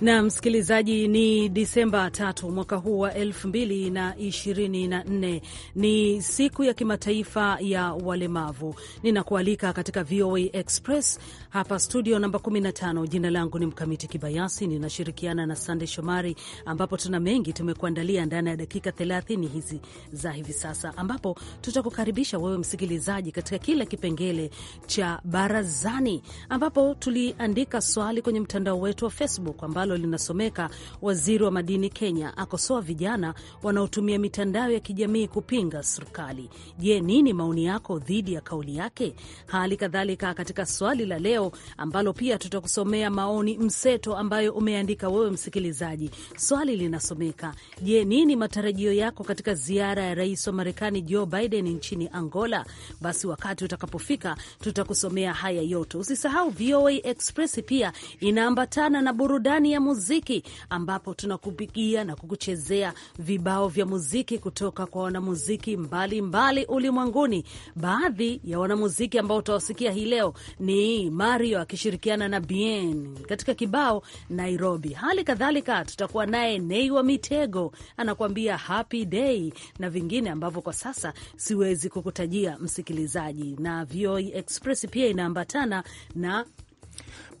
na msikilizaji, ni Disemba tatu mwaka huu wa elfu mbili na ishirini na nne ni siku ya kimataifa ya walemavu. Ninakualika katika VOA Express hapa studio namba 15. Jina langu ni Mkamiti Kibayasi, ninashirikiana na Sande Shomari, ambapo tuna mengi tumekuandalia ndani ya dakika 30 hizi za hivi sasa, ambapo tutakukaribisha wewe msikilizaji katika kila kipengele cha barazani, ambapo tuliandika swali kwenye mtandao wetu wa Facebook ambalo ambalo linasomeka waziri wa madini Kenya akosoa vijana wanaotumia mitandao ya kijamii kupinga serikali. Je, nini maoni yako dhidi ya kauli yake? Hali kadhalika katika swali la leo ambalo pia tutakusomea maoni mseto ambayo umeandika wewe msikilizaji, swali linasomeka: Je, nini matarajio yako katika ziara ya rais wa Marekani Joe Biden nchini Angola? Basi wakati utakapofika tutakusomea haya yote. Usisahau VOA Express pia inaambatana na burudani ya muziki, ambapo tunakupigia na kukuchezea vibao vya muziki kutoka kwa wanamuziki mbalimbali ulimwenguni. Baadhi ya wanamuziki ambao utawasikia hii leo ni Mario akishirikiana na Bien katika kibao Nairobi. Hali kadhalika tutakuwa naye Nei wa Mitego anakuambia happy day na vingine ambavyo kwa sasa siwezi kukutajia msikilizaji. Na VOA e Express pia inaambatana na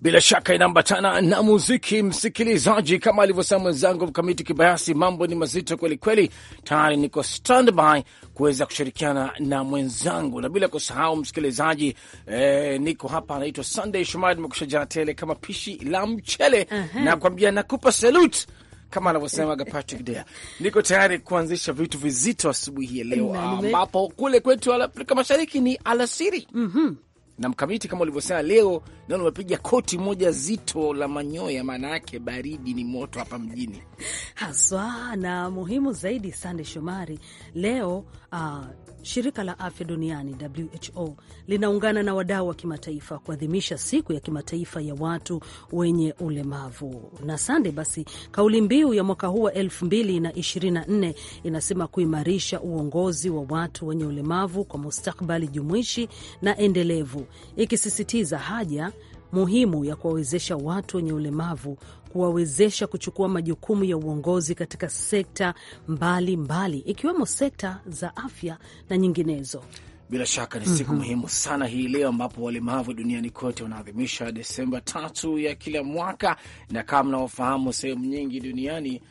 bila shaka inaambatana na muziki, msikilizaji, kama alivyosema mwenzangu Mkamiti Kibayasi, mambo ni mazito kweli kweli. Tayari niko standby kuweza kushirikiana na mwenzangu, na bila kusahau msikilizaji, eh, niko hapa, anaitwa Sunday Shumari, nimekusha jaa tele kama pishi la mchele uh -huh. na kuambia nakupa salute kama anavyosema Patrick Dea, niko tayari kuanzisha vitu vizito asubuhi ya leo, ambapo kule kwetu Afrika Mashariki ni alasiri mm -hmm na mkamiti kama ulivyosema, leo nao nimepiga koti moja zito la manyoya, maana yake baridi ni moto hapa mjini haswa. Na muhimu zaidi, Sande Shomari, leo uh, Shirika la afya duniani WHO linaungana na wadau wa kimataifa kuadhimisha siku ya kimataifa ya watu wenye ulemavu. Na Sande, basi kauli mbiu ya mwaka huu wa 2024 inasema kuimarisha uongozi wa watu wenye ulemavu kwa mustakbali jumuishi na endelevu, ikisisitiza haja muhimu ya kuwawezesha watu wenye ulemavu kuwawezesha kuchukua majukumu ya uongozi katika sekta mbalimbali mbali, ikiwemo sekta za afya na nyinginezo. Bila shaka ni siku mm -hmm. muhimu sana hii leo ambapo walemavu duniani kote wanaadhimisha Desemba tatu ya kila mwaka, na kama mnavyofahamu sehemu nyingi duniani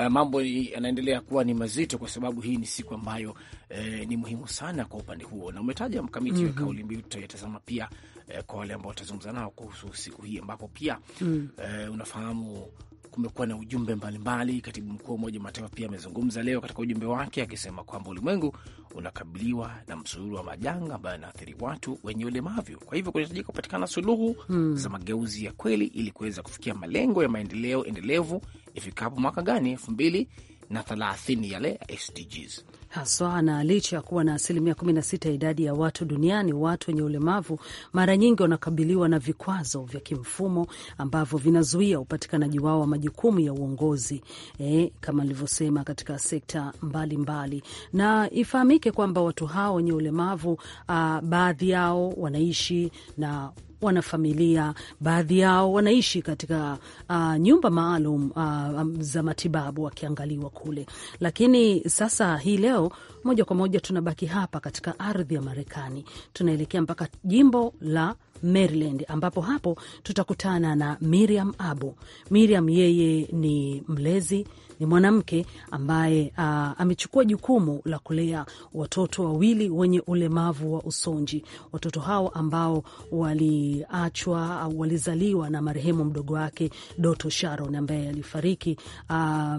Uh, mambo yanaendelea kuwa ni mazito kwa sababu hii ni siku ambayo eh, ni muhimu sana kwa upande huo, na umetaja mkamiti mm -hmm. wa mhm. kauli mbiu tutaitazama pia eh, kwa wale ambao tutazungumza nao kuhusu siku hii ambapo pia mm. eh, unafahamu kumekuwa na ujumbe mbalimbali mbali. Katibu mkuu wa Umoja wa Mataifa pia amezungumza leo katika ujumbe wake akisema kwamba ulimwengu unakabiliwa na msururu wa majanga ambayo yanaathiri watu wenye ulemavyo Kwa hivyo kunahitajika kupatikana suluhu hmm, za mageuzi ya kweli ili kuweza kufikia malengo ya maendeleo endelevu ifikapo mwaka gani elfu mbili na thelathini yale SDGs haswa. Na licha ya kuwa na asilimia kumi sita ya idadi ya watu duniani, watu wenye ulemavu mara nyingi wanakabiliwa na vikwazo vya kimfumo ambavyo vinazuia upatikanaji wao wa majukumu ya uongozi e, kama alivyosema katika sekta mbalimbali mbali. Na ifahamike kwamba watu hao wenye ulemavu ah, baadhi yao wanaishi na wanafamilia, baadhi yao wanaishi katika uh, nyumba maalum uh, um, za matibabu wakiangaliwa kule. Lakini sasa hii leo moja kwa moja tunabaki hapa katika ardhi ya Marekani, tunaelekea mpaka jimbo la Maryland, ambapo hapo tutakutana na Miriam Abu. Miriam yeye ni mlezi, ni mwanamke ambaye uh, amechukua jukumu la kulea watoto wawili wenye ulemavu wa usonji, watoto hao ambao waliachwa au walizaliwa na marehemu mdogo wake Doto Sharon ambaye alifariki uh,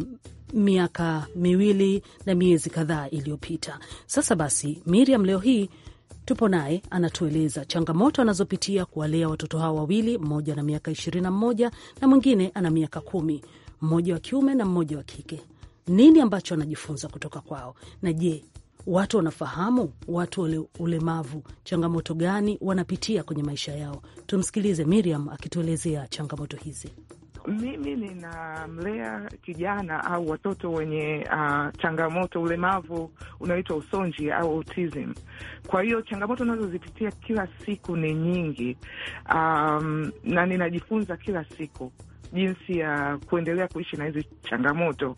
miaka miwili na miezi kadhaa iliyopita. Sasa basi, Miriam leo hii Tupo naye anatueleza changamoto anazopitia kuwalea watoto hawa wawili, mmoja na miaka 21 na mwingine ana miaka kumi, mmoja wa kiume na mmoja wa kike. Nini ambacho anajifunza kutoka kwao, na je, watu wanafahamu watu wale ulemavu changamoto gani wanapitia kwenye maisha yao? Tumsikilize Miriam akituelezea changamoto hizi. Mimi ninamlea kijana au watoto wenye uh, changamoto ulemavu unaoitwa usonji au autism. Kwa hiyo changamoto nazozipitia kila siku ni nyingi, um, na ninajifunza kila siku jinsi ya kuendelea kuishi na hizi changamoto.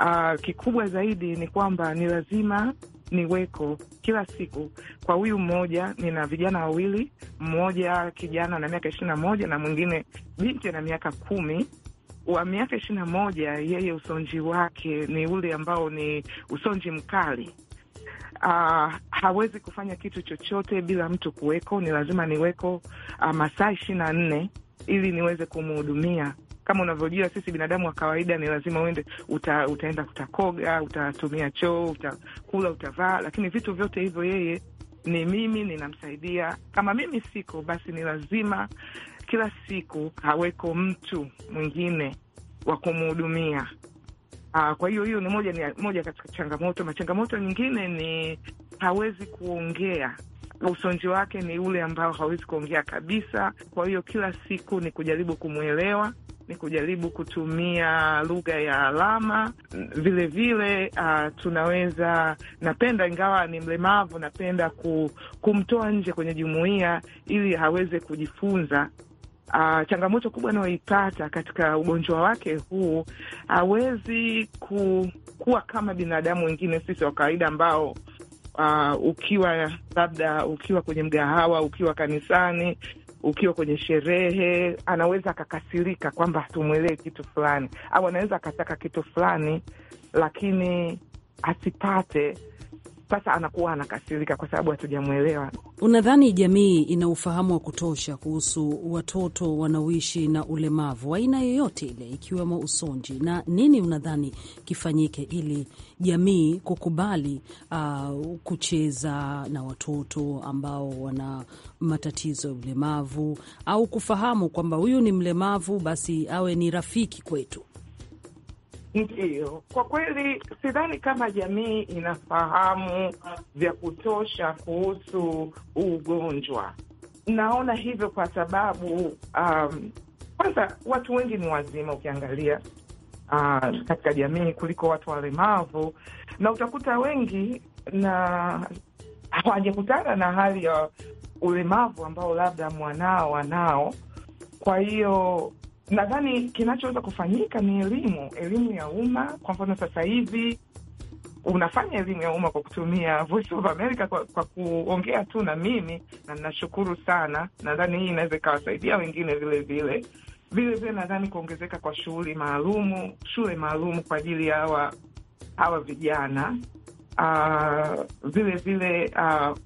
Uh, kikubwa zaidi ni kwamba ni lazima niweko kila siku. Kwa huyu mmoja nina vijana wawili, mmoja kijana na miaka ishirini na moja na mwingine binti na miaka kumi wa miaka ishirini na moja. Yeye usonji wake ni ule ambao ni usonji mkali. Uh, hawezi kufanya kitu chochote bila mtu kuweko, ni lazima niweko uh, masaa ishirini na nne ili niweze kumhudumia kama unavyojua sisi binadamu wa kawaida ni lazima uende uta, utaenda utakoga, utatumia choo, utakula, utavaa, lakini vitu vyote hivyo yeye ni mimi ninamsaidia. Kama mimi siko, basi ni lazima kila siku haweko mtu mwingine wa kumhudumia. Ah, kwa hiyo hiyo ni moja, ni moja katika changamoto. Machangamoto nyingine ni hawezi kuongea usonji wake ni ule ambao hawezi kuongea kabisa. Kwa hiyo kila siku ni kujaribu kumwelewa ni kujaribu kutumia lugha ya alama vilevile vile, uh, tunaweza napenda, ingawa ni mlemavu, napenda ku, kumtoa nje kwenye jumuiya ili aweze kujifunza. Uh, changamoto kubwa anayoipata katika ugonjwa wake huu, hawezi ku, kuwa kama binadamu wengine sisi wa kawaida ambao Uh, ukiwa labda ukiwa kwenye mgahawa, ukiwa kanisani, ukiwa kwenye sherehe, anaweza akakasirika kwamba hatumwelewi kitu fulani, au anaweza akataka kitu fulani lakini asipate sasa anakuwa anakasirika kwa sababu hatujamwelewa. Unadhani jamii ina ufahamu wa kutosha kuhusu watoto wanaoishi na ulemavu aina yoyote ile, ikiwemo usonji, na nini unadhani kifanyike ili jamii kukubali uh, kucheza na watoto ambao wana matatizo ya ulemavu au kufahamu kwamba huyu ni mlemavu, basi awe ni rafiki kwetu? Ndiyo, kwa kweli sidhani kama jamii inafahamu vya kutosha kuhusu ugonjwa. Naona hivyo kwa sababu um, kwanza watu wengi ni wazima ukiangalia uh, katika jamii kuliko watu walemavu, na utakuta wengi na hawajakutana na hali ya ulemavu ambao labda mwanao anao. Kwa hiyo Nadhani kinachoweza kufanyika ni elimu, elimu ya umma. Kwa mfano sasa hivi unafanya elimu ya umma kwa kutumia Voice of America kwa, kwa kuongea tu na mimi, na ninashukuru sana. Nadhani hii inaweza ikawasaidia wengine vile vile vile vile. Nadhani kuongezeka kwa shughuli maalumu, shule maalumu kwa ajili ya hawa hawa vijana uh, vile vile uh,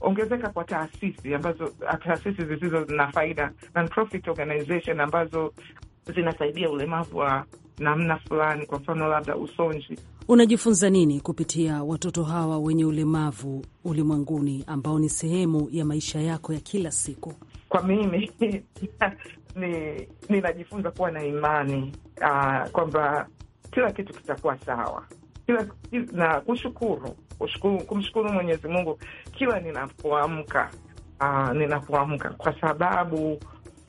ongezeka kwa taasisi ambazo taasisi zisizo na faida non-profit organization ambazo zinasaidia ulemavu wa namna fulani, kwa mfano labda usonji. Unajifunza nini kupitia watoto hawa wenye ulemavu ulimwenguni ambao ni sehemu ya maisha yako ya kila siku? Kwa mimi ni ninajifunza kuwa na imani uh, kwamba kila kitu kitakuwa sawa kila na kushukuru, kushukuru, kumshukuru Mwenyezi Mungu kila ninapoamka, uh, ninapoamka kwa sababu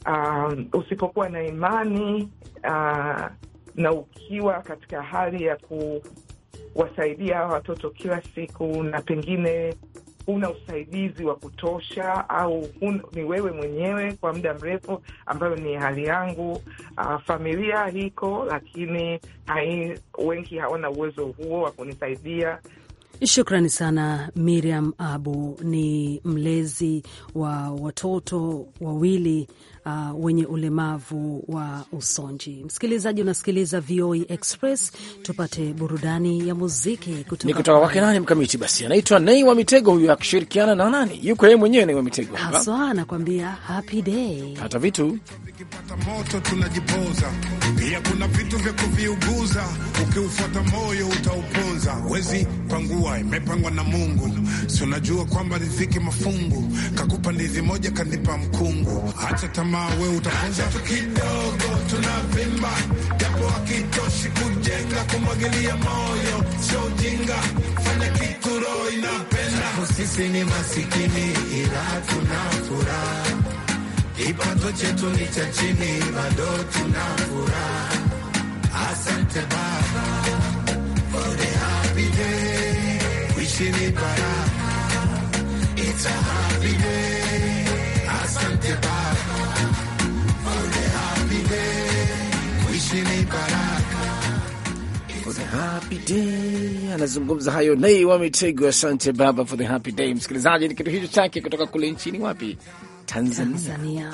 uh, usipokuwa na imani uh, na ukiwa katika hali ya kuwasaidia hawa watoto kila siku na pengine huna usaidizi wa kutosha au un, ni wewe mwenyewe kwa muda mrefu, ambayo ni hali yangu. Uh, familia iko lakini hai, wengi hawana uwezo huo wa kunisaidia. Shukrani sana Miriam Abu, ni mlezi wa watoto wawili uh, wenye ulemavu wa usonji. Msikilizaji, unasikiliza VOA e Express, tupate burudani ya muziki kutoka ni kutoka kwake nani mkamiti. Basi anaitwa Nei wa Mitego, huyo akishirikiana na nani, yuko yeye mwenyewe Nei wa Mitego haswa, anakuambia happy day. Hata vitu vikipata moto tunajipoza, pia kuna vitu vya kuviuguza, ukiufuata moyo utauponza, wezi pangua, imepangwa na Mungu, si unajua kwamba riziki mafungu, kakupa ndizi moja kanipa mkungu, acha tamaa kama wewe utafunza kidogo tunavimba japo akitoshi kujenga kumwagilia moyo sio jinga fanya kitu roho inapenda sisi ni masikini ila tuna furaha kipato chetu ni cha chini bado tuna furaha asante baba for the happy day wishini baraka it's a happy day For the happy day anazungumza hayo nei wa Mitego. Asante baba, for the happy day. Msikilizaji, ni kitu hicho chake kutoka kule nchini wapi? Tanzania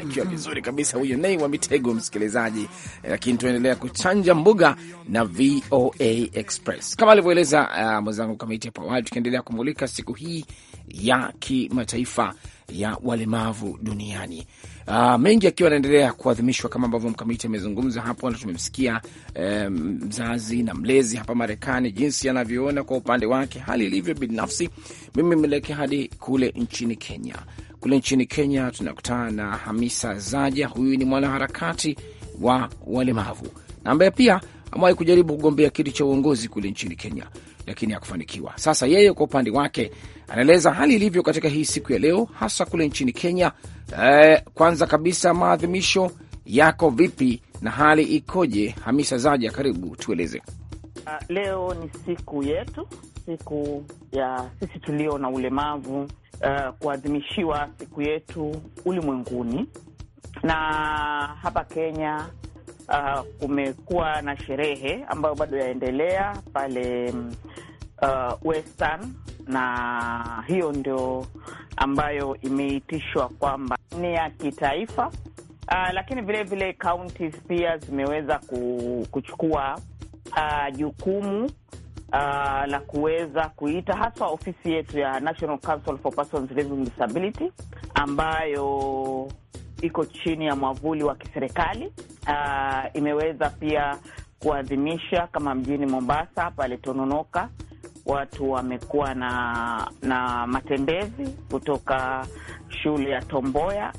akiwa mhm. vizuri kabisa huyo Nei wa Mitego, msikilizaji. Eh, lakini tunaendelea kuchanja mbuga na VOA Express kama alivyoeleza uh, mwenzangu Kamiti hapo awali, tukiendelea kumulika siku hii ya kimataifa ya walemavu duniani. Uh, mengi akiwa anaendelea kuadhimishwa kama ambavyo mkamiti amezungumza hapo, na tumemsikia eh, mzazi na mlezi hapa Marekani jinsi anavyoona kwa upande wake hali ilivyo binafsi. Mimi melekea hadi kule nchini Kenya. Kule nchini Kenya tunakutana na Hamisa Zaja, huyu ni mwanaharakati wa walemavu na ambaye pia amewahi kujaribu kugombea kiti cha uongozi kule nchini Kenya lakini hakufanikiwa. Sasa yeye kwa upande wake anaeleza hali ilivyo katika hii siku ya leo, hasa kule nchini Kenya. Eh, kwanza kabisa maadhimisho yako vipi na hali ikoje? Hamisa Zaja, karibu tueleze. Ah, leo ni siku yetu, siku ya sisi tulio na ulemavu Uh, kuadhimishiwa siku yetu ulimwenguni, na hapa Kenya uh, kumekuwa na sherehe ambayo bado yaendelea pale uh, mm, ah, Western na hiyo ndio ambayo imeitishwa kwamba ni ya kitaifa. Uh, lakini vilevile kaunti pia zimeweza kuchukua jukumu uh, uh, la kuweza kuita haswa ofisi yetu ya National Council for Persons Living with Disability ambayo iko chini ya mwavuli wa kiserikali. Uh, imeweza pia kuadhimisha kama mjini Mombasa pale Tononoka, watu wamekuwa na, na matembezi kutoka shule ya Tomboya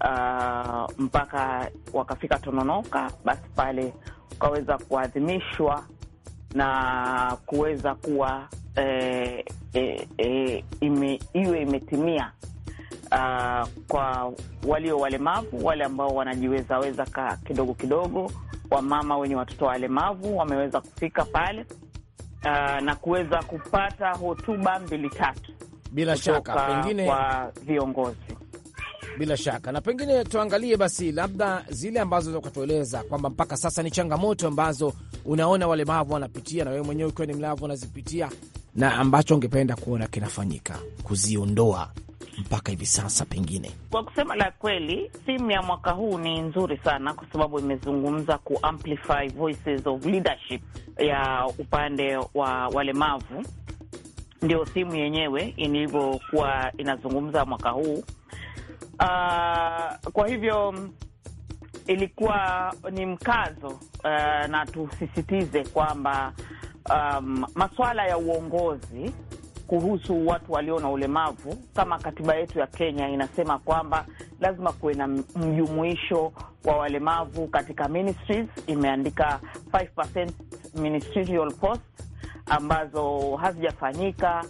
uh, mpaka wakafika Tononoka, basi pale ukaweza kuadhimishwa na kuweza kuwa eh, eh, eh, ime, iwe imetimia uh, kwa walio walemavu, wale ambao wanajiwezaweza ka kidogo kidogo, wamama wenye watoto walemavu wameweza kufika pale uh, na kuweza kupata hotuba mbili tatu bila shaka pengine kwa viongozi bila shaka na pengine tuangalie basi labda zile ambazo ukatueleza kwamba mpaka sasa ni changamoto ambazo unaona walemavu wanapitia na wewe mwenyewe ukiwa ni mlavu unazipitia, na ambacho ungependa kuona kinafanyika kuziondoa mpaka hivi sasa? Pengine kwa kusema la kweli, simu ya mwaka huu ni nzuri sana, kwa sababu imezungumza ku amplify voices of leadership ya upande wa walemavu. Ndio simu yenyewe ilivyokuwa inazungumza mwaka huu. Uh, kwa hivyo ilikuwa ni mkazo uh, na tusisitize kwamba um, masuala ya uongozi kuhusu watu walio na ulemavu, kama katiba yetu ya Kenya inasema kwamba lazima kuwe na mjumuisho wa walemavu katika ministries. Imeandika 5% ministerial posts ambazo hazijafanyika.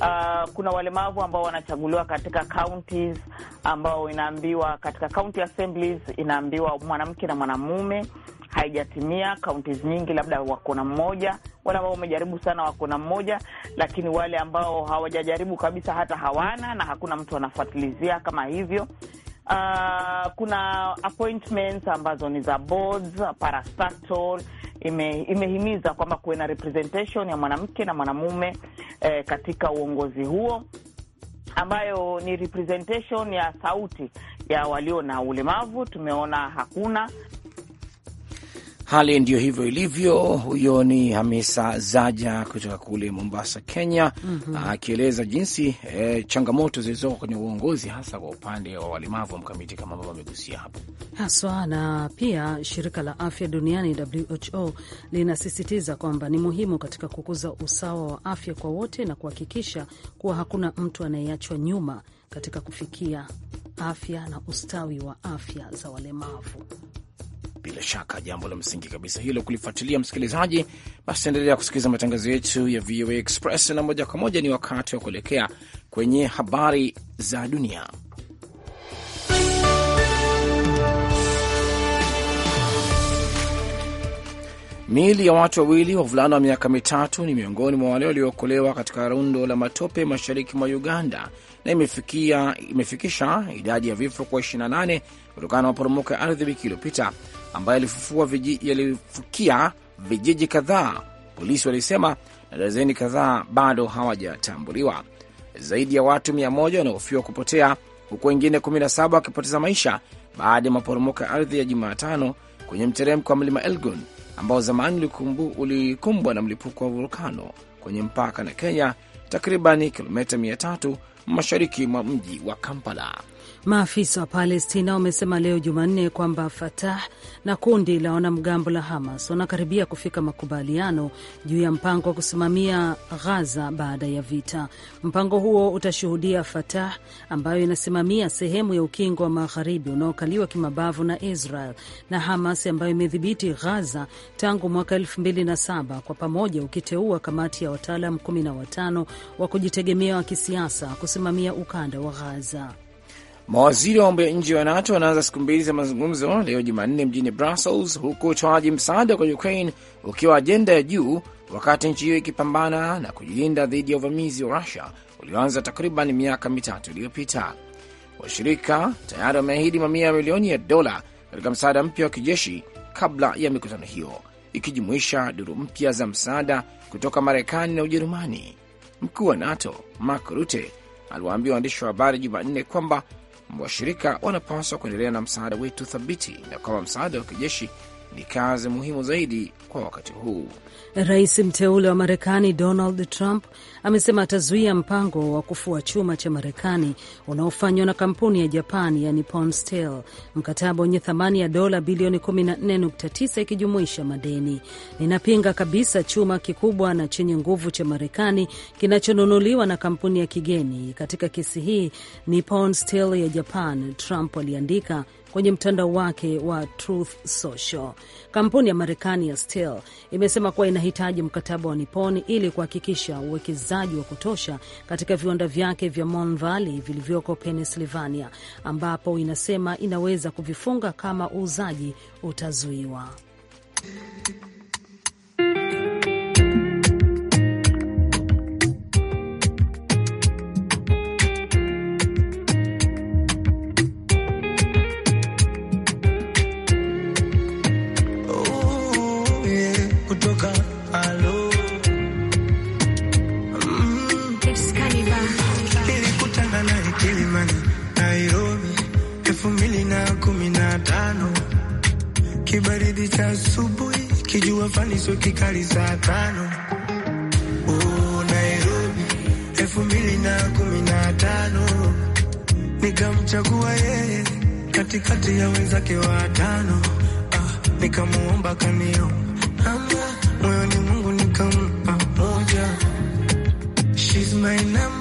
Uh, kuna walemavu ambao wanachaguliwa katika counties ambao inaambiwa katika county assemblies inaambiwa mwanamke na mwanamume, haijatimia. Counties nyingi labda wako na mmoja wale ambao wamejaribu sana wako na mmoja, lakini wale ambao hawajajaribu kabisa hata hawana, na hakuna mtu anafuatilizia kama hivyo. Uh, kuna appointments ambazo ni za boards, parastatal ime, imehimiza kwamba kuwe na representation ya mwanamke na mwanamume eh, katika uongozi huo ambayo ni representation ya sauti ya walio na ulemavu. Tumeona hakuna Hali ndio hivyo ilivyo. Huyo ni Hamisa Zaja kutoka kule Mombasa, Kenya, mhm. akieleza mm -hmm. jinsi eh, changamoto zilizoko kwenye uongozi hasa kwa upande wa walemavu wa mkamiti, kama ambavyo amegusia hapo haswa. Na pia shirika la afya duniani WHO linasisitiza kwamba ni muhimu katika kukuza usawa wa afya kwa wote na kuhakikisha kuwa hakuna mtu anayeachwa nyuma katika kufikia afya na ustawi wa afya za walemavu. Bila shaka jambo la msingi kabisa hilo kulifuatilia, msikilizaji. Basi endelea kusikiliza matangazo yetu ya VOA Express, na moja kwa moja ni wakati wa kuelekea kwenye habari za dunia. Miili ya watu wawili wavulana wa miaka mitatu ni miongoni mwa wale waliookolewa katika rundo la matope mashariki mwa Uganda na imefikia, imefikisha idadi ya vifo kwa 28 kutokana na maporomoko ya ardhi wiki iliyopita, ambayo yalifukia vijiji, vijiji kadhaa polisi walisema, na dazeni kadhaa bado hawajatambuliwa. Zaidi ya watu 1 wanahofiwa kupotea huku wengine 17 wakipoteza maisha baada ya maporomoko ya ardhi ya Jumatano kwenye mteremko wa mlima Elgon ambao zamani ulikumbwa na mlipuko wa volkano kwenye mpaka na Kenya, takriban kilomita 300 mashariki mwa mji wa Kampala. Maafisa wa Palestina wamesema leo Jumanne kwamba Fatah na kundi la wanamgambo la Hamas wanakaribia kufika makubaliano juu ya mpango wa kusimamia Ghaza baada ya vita. Mpango huo utashuhudia Fatah ambayo inasimamia sehemu ya ukingo wa magharibi unaokaliwa kimabavu na Israel na Hamas ambayo imedhibiti Ghaza tangu mwaka 2007 kwa pamoja ukiteua kamati ya wataalam 15 wa kujitegemea wa kisiasa kusimamia ukanda wa Ghaza. Mawaziri wa mambo ya nje wa NATO wanaanza siku mbili za mazungumzo leo Jumanne mjini Brussels, huku utoaji msaada kwa Ukraine ukiwa ajenda ya juu, wakati nchi hiyo ikipambana na kujilinda dhidi ya uvamizi wa Rusia ulioanza takriban miaka mitatu iliyopita. Washirika tayari wameahidi mamia ya milioni ya dola katika msaada mpya wa kijeshi kabla ya mikutano hiyo, ikijumuisha duru mpya za msaada kutoka Marekani na Ujerumani. Mkuu wa NATO Mark Rutte aliwaambia waandishi wa habari Jumanne kwamba washirika wanapaswa kuendelea na msaada wetu thabiti, na kwamba msaada wa kijeshi ni kazi muhimu zaidi kwa wakati huu. Rais mteule wa Marekani Donald Trump amesema atazuia mpango wa kufua chuma cha Marekani unaofanywa na kampuni ya Japan ya Nippon Steel, mkataba wenye thamani ya dola bilioni 14.9 ikijumuisha madeni. Ninapinga kabisa chuma kikubwa na chenye nguvu cha Marekani kinachonunuliwa na kampuni ya kigeni. Katika kesi hii Nippon Steel ya Japan, Trump aliandika kwenye mtandao wake wa Truth Social. Kampuni ya Marekani ya Steel imesema kuwa inahitaji mkataba wa Nippon ili kuhakikisha uwekezaji wa kutosha katika viwanda vyake vya Mon Valley vilivyoko Pennsylvania, ambapo inasema inaweza kuvifunga kama uuzaji utazuiwa. kutoka alo mm. nilikutana naye Kilimani Nairobi elfu mbili na kumi na tano kibaridi cha asubuhi kijua faniso kikali saa tano oh, elfu mbili na kumi na tano nikamchagua yeye katikati ya wenzake watano ah, nikamuomba kanio moyoni mwangu ni kama moja. She's my number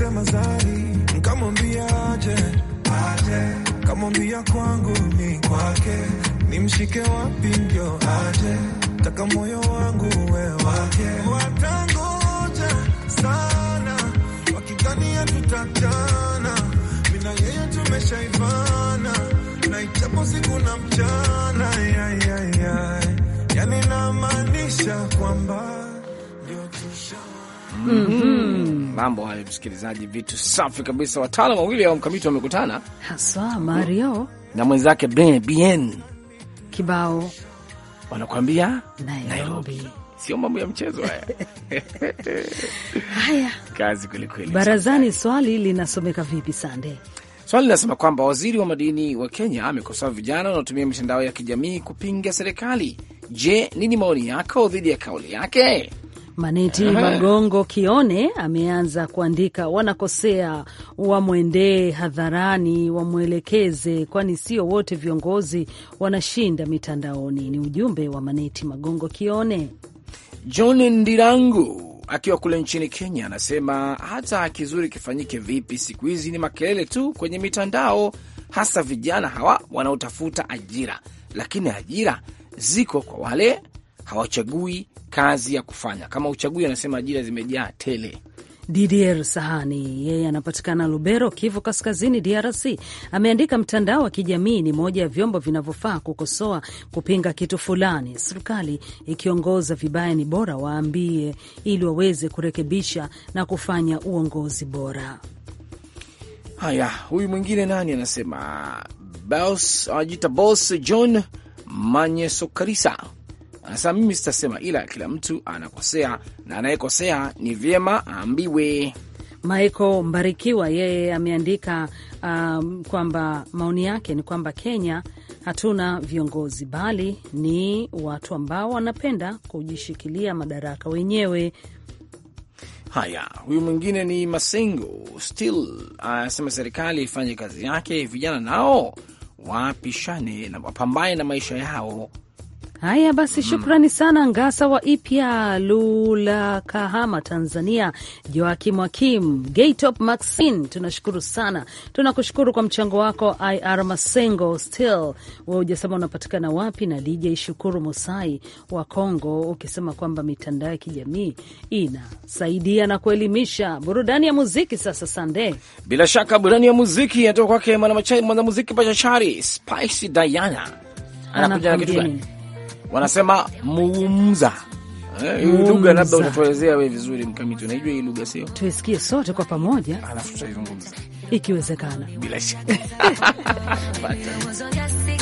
alisema zari, nkamwambia aje, aje. Kamwambia kwangu ni kwake, nimshike wapi ndio aje, taka moyo wangu we wake. Watangoja sana wakidhania tutatana, mina yeye tumeshaivana na ichapo siku na mchana ya, ya, ya. Yani namaanisha kwamba ndio tusha mm -hmm. Mambo hayo msikilizaji, vitu safi kabisa. Wataalam wawili au mkamiti wamekutana haswa Mario na mwenzake bbn kibao wanakuambia Nairobi, Nairobi. Sio mambo ya mchezo haya. Eh. Haya, kazi kwelikweli. Barazani swali linasomeka vipi, Sande? Swali linasema kwamba waziri wa madini wa Kenya amekosoa vijana wanaotumia mitandao ya kijamii kupinga serikali. Je, nini maoni yako dhidi ya kauli yake? Maneti eh. Magongo Kione ameanza kuandika, wanakosea, wamwendee hadharani, wamwelekeze, kwani sio wote viongozi wanashinda mitandaoni. Ni ujumbe wa Maneti Magongo Kione. John Ndirangu akiwa kule nchini Kenya anasema hata kizuri kifanyike vipi, siku hizi ni makelele tu kwenye mitandao, hasa vijana hawa wanaotafuta ajira, lakini ajira ziko kwa wale hawachagui kazi ya kufanya. Kama uchagui, anasema ajira zimejaa tele. Didier Sahani yeye anapatikana Lubero, Kivu Kaskazini, DRC, ameandika mtandao wa kijamii ni moja ya vyombo vinavyofaa kukosoa, kupinga kitu fulani. Serikali ikiongoza vibaya, ni bora waambie, ili waweze kurekebisha na kufanya uongozi bora. Haya, huyu mwingine nani anasema, anajita Bos John Manyesokarisa Anasema mimi sitasema, ila kila mtu anakosea na anayekosea ni vyema aambiwe. Maiko Mbarikiwa yeye ameandika um, kwamba maoni yake ni kwamba Kenya hatuna viongozi bali ni watu ambao wanapenda kujishikilia madaraka wenyewe. Haya, huyu mwingine ni Masengo Still anasema uh, serikali ifanye kazi yake, vijana nao wapishane na wapambane na maisha yao Haya basi, mm-hmm. shukrani sana Ngasa wa Ipya Lula, Kahama, Tanzania, Joakim Akim Gaitop Maxin, tunashukuru sana. Tunakushukuru kwa mchango wako. Ir Masengo still we ujasema unapatikana wapi, na DJ Shukuru Musai wa congo ukisema kwamba mitandao ya kijamii inasaidia na kuelimisha. Burudani ya muziki sasa, Sande, bila shaka burudani ya muziki inatoka kwake mwanamuziki pachachari Spicy Diana anakuja na kitu gani? wanasema muumza eh, lugha labda utatuelezea we vizuri Mkamiti, unaijua hii lugha sio? Tuisikie sote kwa pamoja, alafu tutaizungumza ikiwezekana, bila shaka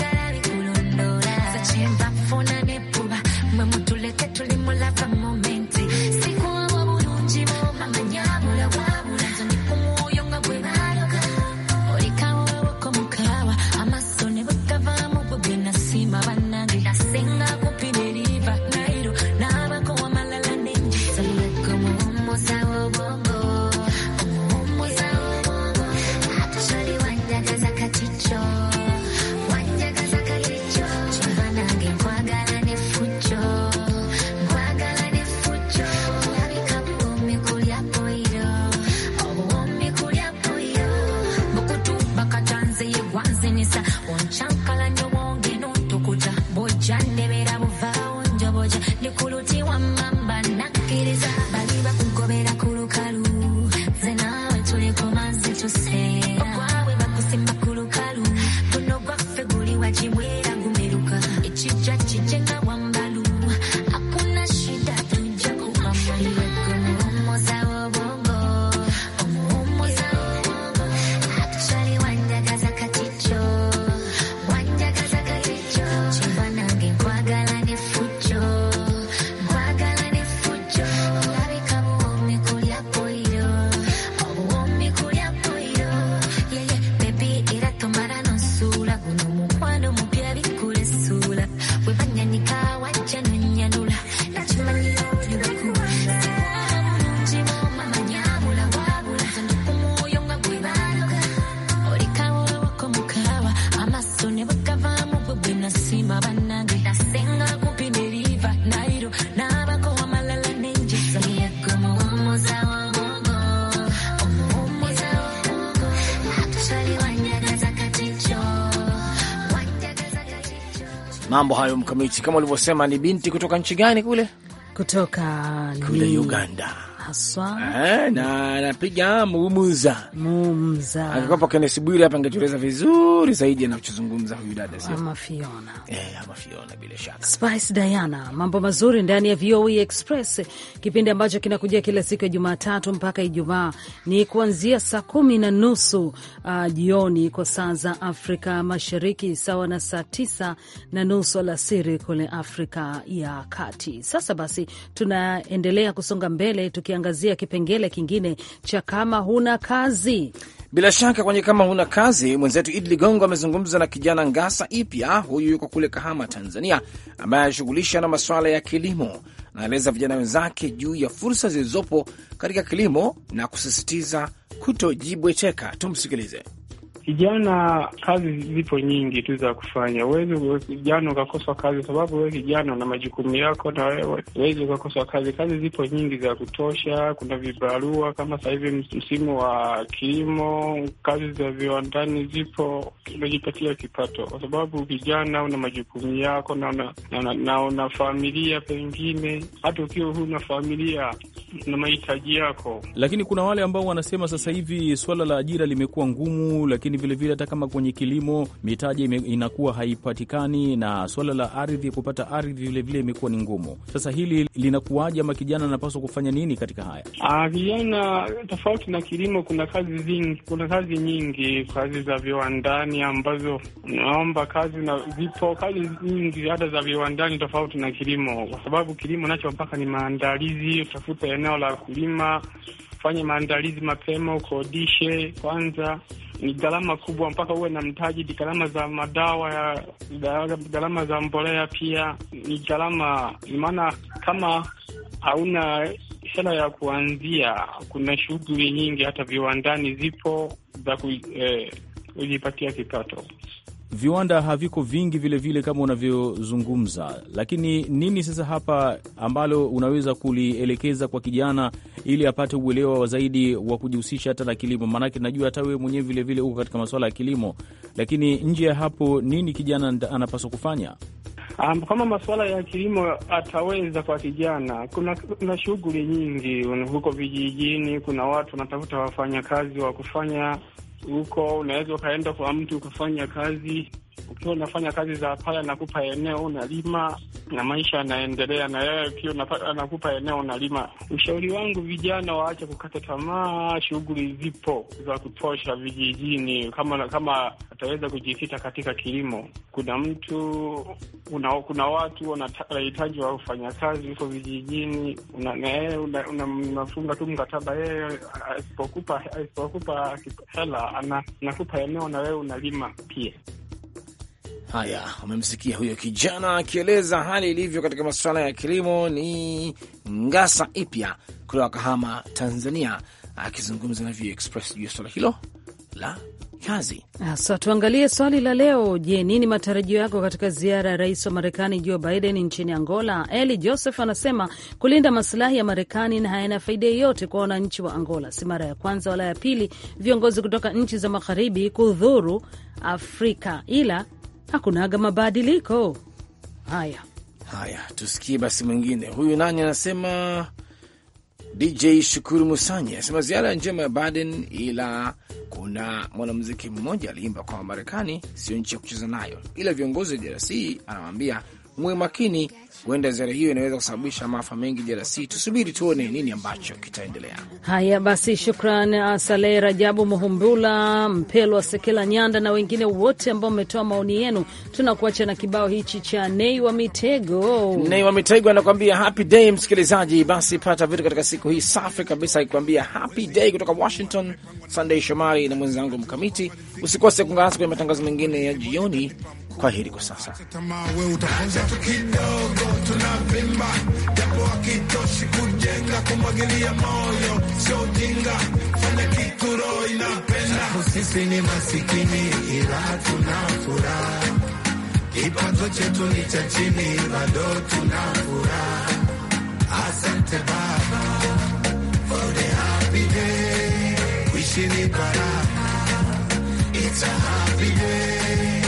mambo hayo mkamiti, kama ulivyosema, ni binti kutoka nchi gani kule? Kutoka kule ni... Uganda haswa eh, na anapiga muumza muumza. Angekuwa Kenneth Bwire hapa angetueleza vizuri zaidi anachozungumza huyu dada, sio ama Fiona eh, ama Fiona bila shaka. Spice Diana, mambo mazuri ndani ya VOE Express, kipindi ambacho kinakuja kila siku ya Jumatatu mpaka Ijumaa ni kuanzia saa kumi na nusu uh, jioni kwa saa za Afrika Mashariki, sawa na saa tisa na nusu alasiri kule Afrika ya Kati. Sasa basi tunaendelea kusonga mbele tukia tukiangazia kipengele kingine cha kama huna kazi. Bila shaka kwenye kama huna kazi, mwenzetu Idi Ligongo amezungumza na kijana Ngasa Ipya, huyu yuko kule Kahama, Tanzania, ambaye anashughulisha na masuala ya kilimo. Anaeleza vijana wenzake juu ya fursa zilizopo katika kilimo na kusisitiza kutojibweteka. Tumsikilize kijana kazi zipo nyingi tu za kufanya. Huwezi kijana ukakoswa kazi, sababu wewe kijana na majukumu yako, na wewe huwezi ukakoswa kazi. Kazi zipo nyingi za kutosha. Kuna vibarua kama sasa hivi msimu wa kilimo, kazi za viwandani zipo, unajipatia kipato, kwa sababu kijana una majukumu yako na una, na, na, na una familia, pengine hata ukiwa huna familia na mahitaji yako. Lakini kuna wale ambao wanasema sasa hivi swala la ajira limekuwa ngumu, lakini lakini vilevile hata vile kama kwenye kilimo mitaji inakuwa haipatikani na swala la ardhi, kupata ardhi vilevile imekuwa ni ngumu. Sasa hili linakuwaje, ama kijana anapaswa kufanya nini katika haya? Ah, vijana, tofauti na kilimo, kuna kazi zingi, kuna kazi nyingi, kazi za viwandani ambazo naomba kazi na zipo kazi nyingi hata za viwandani, tofauti na kilimo, kwa sababu kilimo nacho mpaka ni maandalizi, utafuta eneo la kulima, fanye maandalizi mapema, ukodishe kwanza ni gharama kubwa, mpaka uwe na mtaji. Ni gharama za madawa ya gharama za mbolea, pia ni gharama. Maana kama hauna hela ya kuanzia, kuna shughuli nyingi, hata viwandani zipo za eh, kujipatia eh, kipato viwanda haviko vingi vilevile vile kama unavyozungumza, lakini nini sasa hapa ambalo unaweza kulielekeza kwa kijana ili apate uelewa wa zaidi wa kujihusisha hata na kilimo? Maanake najua hata wewe mwenyewe vilevile uko katika masuala ya kilimo, lakini nje ya hapo, nini kijana anapaswa kufanya? Um, kama masuala ya kilimo ataweza kwa kijana, kuna, kuna shughuli nyingi huko vijijini, kuna watu wanatafuta wafanyakazi wa kufanya huko unaweza ukaenda kwa mtu ukafanya kazi ukiwa unafanya kazi za pale, anakupa eneo unalima na maisha yanaendelea, na yeye pia anakupa eneo unalima. Ushauri wangu vijana waache kukata tamaa, shughuli zipo za kutosha vijijini. Kama kama ataweza kujikita katika kilimo, kuna mtu kuna, kuna watu wanahitaji wa kufanya kazi huko vijijini, unafunga tu mkataba yeye, asipokupa hela anakupa eneo na wewe unalima pia. Haya, umemsikia huyo kijana akieleza hali ilivyo katika masuala ya kilimo. Ni Ngasa Ipya kutoka Kahama, Tanzania, akizungumza na VOA Express juu ya swala hilo la kazi. Sasa tuangalie swali la leo. Je, nini matarajio yako katika ziara ya rais wa Marekani Joe Biden nchini Angola? Eli Joseph anasema kulinda masilahi ya Marekani na hayana faida yeyote kwa wananchi wa Angola. Si mara ya kwanza wala ya pili viongozi kutoka nchi za magharibi kudhuru Afrika, ila hakunaga mabadiliko haya. Haya, tusikie basi mwingine huyu. Nani anasema? DJ Shukuru Musanye anasema ziara njema ya Baden, ila kuna mwanamuziki mmoja aliimba kwa Wamarekani sio nchi ya kucheza nayo, ila viongozi wa DRC anawaambia muwe makini, huenda ziara hiyo inaweza kusababisha maafa mengi DRC. Tusubiri tuone nini ambacho kitaendelea. Haya basi, shukran uh, Saleh Rajabu, Muhumbula Mpelwa, Sekela Nyanda na wengine wote ambao mmetoa maoni yenu. Tunakuacha na kibao hichi cha Nei wa Mitego. Nei wa Mitego anakuambia happy day, msikilizaji. Basi pata vitu katika siku hii safi kabisa, akikuambia happy day kutoka Washington. Sunday Shomari na mwenzangu Mkamiti, usikose kuungana nasi kwenye matangazo mengine ya jioni kwa heri kwa sasa. Sisi ni masikini ila tuna furaha, kipato chetu ni cha chini, bado tuna furaha. Asante Baba for the happy day, kuishi ni baraka, it's a happy day